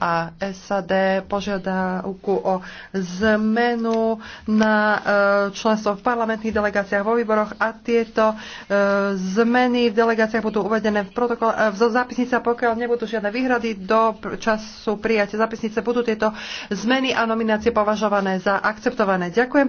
a SAD požiadavku o zmenu na e, členstvo v parlamentných delegáciách vo výboroch a tieto e, zmeny v delegáciách budú uvedené v, protokole, e, v zápisnice, pokiaľ nebudú žiadne výhrady do času prijatia zápisnice, budú tieto zmeny a nominácie považované za akceptované. Ďakujem.